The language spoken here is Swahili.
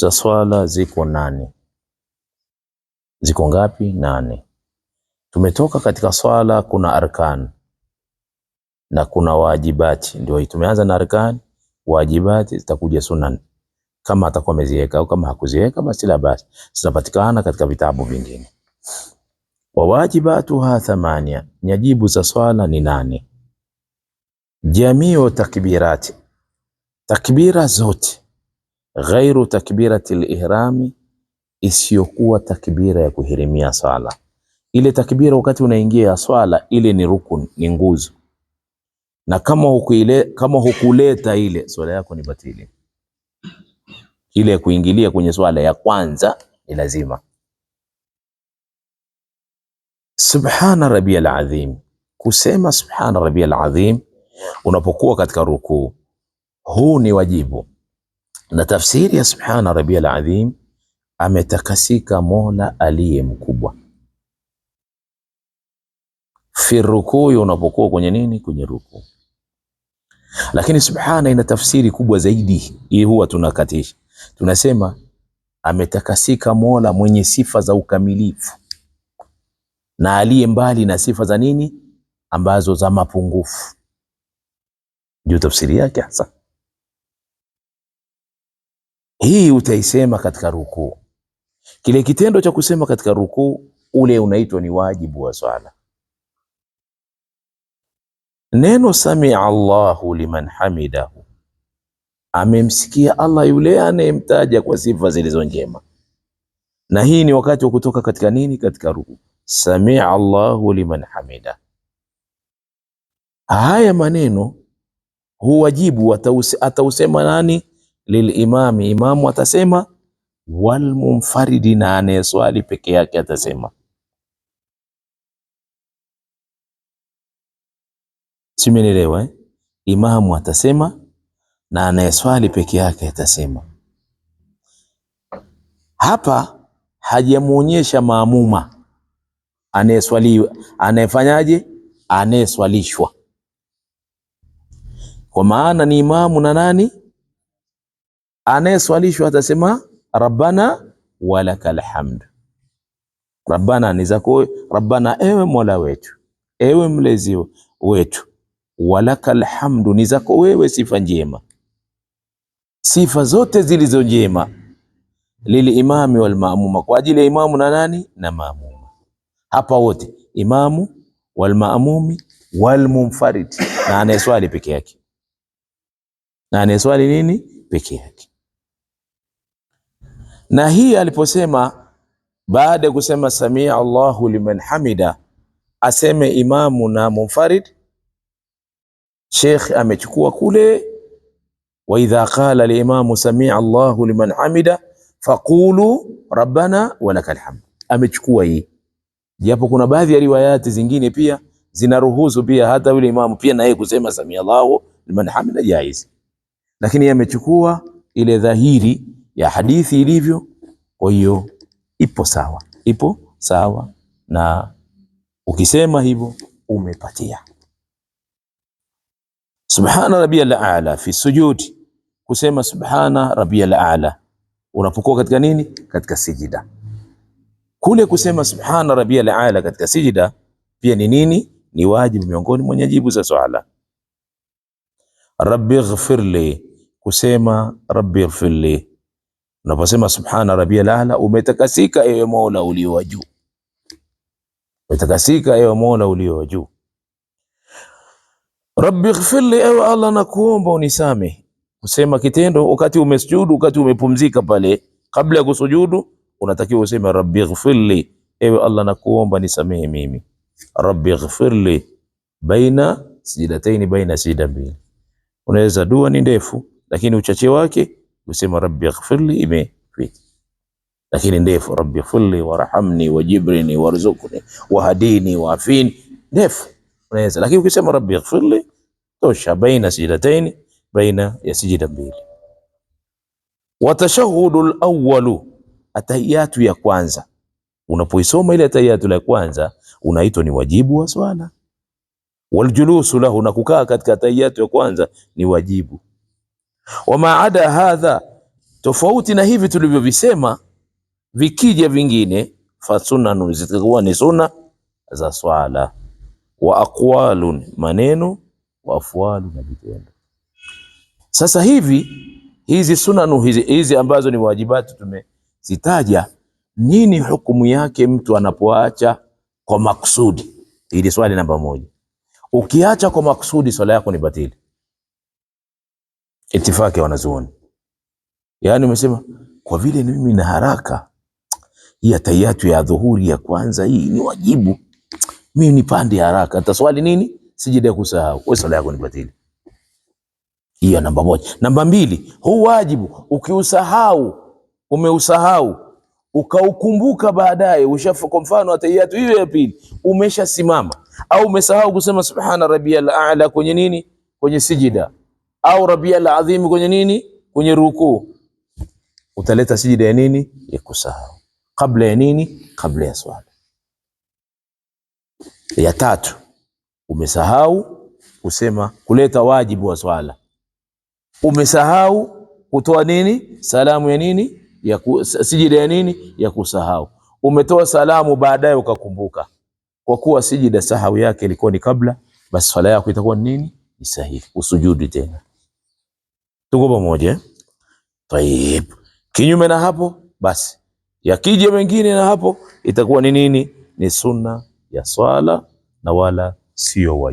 za swala ziko nane. Ziko ngapi? Nane. Tumetoka katika swala, kuna arkan na kuna wajibati. Ndio tumeanza na arkan, wajibati zitakuja sunan, kama atakuwa ameziweka au kama hakuziweka basi la basi, zinapatikana katika vitabu vingine. Wawajibatuha thamania, nyajibu za swala ni nane. Jamii wa takbirati, takbira zote ghairu takbirati lihrami, isiyokuwa takbira ya kuhirimia swala. Ile takbira wakati unaingia ya swala ile ni rukun, ni nguzo, na kama hukule, kama hukuleta ile swala yako ni batili. Ile ya kuingilia kwenye swala ya kwanza ni lazima. Subhana rabbiyal azim, kusema subhana rabbiyal azim unapokuwa katika rukuu, huu ni wajibu na tafsiri ya subhana rabbiyal azim, ametakasika Mola aliye mkubwa. Fi rukuu, unapokuwa kwenye nini? Kwenye rukuu. Lakini subhana ina tafsiri kubwa zaidi, hii huwa tunakatisha, tunasema ametakasika Mola mwenye sifa za ukamilifu na aliye mbali na sifa za nini ambazo za mapungufu, ndio tafsiri yake hasa. Hii utaisema katika rukuu. Kile kitendo cha kusema katika rukuu ule unaitwa ni wajibu wa swala. Neno samia Allahu liman hamidahu, amemsikia Allah yule anayemtaja kwa sifa zilizo njema, na hii ni wakati wa kutoka katika nini? Katika rukuu. Samia Allahu liman hamida. Haya maneno huwajibu atausema nani? lilimami, imamu atasema, walmunfaridi, na anayeswali peke yake atasema. Simenelewa eh? Imamu atasema na anayeswali peke yake atasema. Hapa hajamuonyesha maamuma aneswali anayefanyaje, anayeswalishwa, kwa maana ni imamu na nani anayeswalishwa atasema rabbana walakal hamd. Rabbana ni zako, rabbana, ewe mola wetu, ewe mlezi wetu. Walakal hamdu, ni zako wewe sifa njema, sifa zote zilizo njema. Liliimami walmaamuma, kwa ajili ya imamu na nani na maamuma. Hapa wote imamu walmamumi walmunfarid, na anayeswali peke yake, na anayeswali nini peke yake na hii aliposema baada ya kusema samia Allahu liman hamida, aseme imamu na munfarid. Sheikh amechukua kule, wa idha qala liimamu samia Allahu liman hamida faqulu rabbana walakal hamd. Amechukua hii, japo kuna baadhi ya riwayati zingine pia zinaruhusu pia hata yule imamu pia naye kusema samia Allahu liman hamida jaiz, lakini amechukua ile dhahiri ya hadithi ilivyo. Kwa hiyo ipo sawa, ipo sawa, na ukisema hivyo umepatia. Subhana rabbiyal aala fi sujud, kusema subhana rabbiyal aala unapokuwa katika nini, katika sijida kule kusema subhana rabbiyal aala katika sijida pia ni nini? Ni wajibu miongoni mwa nyajibu za swala. ighfirli, kusema ighfirli Unaposema subhana rabbiyal a'la, umetakasika ewe Mola ulio wa juu, umetakasika ewe Mola ulio wa juu. Rabbi ighfirli, ewe Allah nakuomba unisame. Usema kitendo wakati umesujudu, wakati umepumzika pale, kabla ya kusujudu unatakiwa useme rabbi ighfirli, ewe Allah nakuomba nisamehe mimi. Rabbi ighfirli baina sijidataini, baina sijida mbili. Unaweza, dua ni ndefu, lakini uchache wake kusema rabbi ighfirli imepita, lakini ndefu, rabbi ighfirli warhamni wajibrini warzuqni wahdini waafini, ndefu unaweza. Lakini ukisema rabbi ighfirli tosha, baina sajdataini, baina ya sijida mbili. Watashahudul awwalu, atahiyatu ya kwanza unapoisoma ile tahiyatu ya kwanza unaitwa ni wajibu wa swala. Waljulusu lahu, na kukaa katika tahiyatu ya kwanza ni wajibu wama ada hadha, tofauti na hivi tulivyovisema, vikija vingine fasunanun, zitakuwa ni sunna za swala, wa aqwalun, maneno, wa afwalu, na vitendo. Sasa hivi hizi sunanu hizi, hizi ambazo ni wajibati tumezitaja, nini hukumu yake mtu anapoacha kwa maksudi? Hili swali namba moja. Ukiacha kwa maksudi swala yako ni batili itifaki ya wanazuoni. Yaani umesema kwa vile ni mimi na haraka hii atayatu ya dhuhuri ya kwanza hii ni wajibu, mimi nipande haraka, nitaswali nini? Sijida kusahau. Wewe sala yako ni batili. Hiyo namba moja. Namba mbili, huu wajibu ukiusahau, umeusahau ukaukumbuka baadaye, ushafa kwa mfano atayatu hiyo ya pili, umeshasimama au umesahau kusema subhana rabbiyal a'la kwenye nini, kwenye sijida au rabia la alazim kwenye nini? Kwenye ruku, utaleta sijida ya nini? Ya kusahau. Kabla ya nini? Kabla ya swala. Ya tatu, umesahau kusema kuleta wajibu wa swala, umesahau kutoa nini? Salamu ya nini? Ya ku, sijida ya nini? Ya kusahau. Umetoa salamu baadaye ukakumbuka, kwa kuwa sijida sahau yake ilikuwa ni kabla, basi swala yako itakuwa nini? Ni sahihi. Usujudi tena Tuko pamoja. Tayib. Kinyume na hapo basi yakija mengine na hapo itakuwa ni nini? Ni sunna ya swala na wala sio wajibu.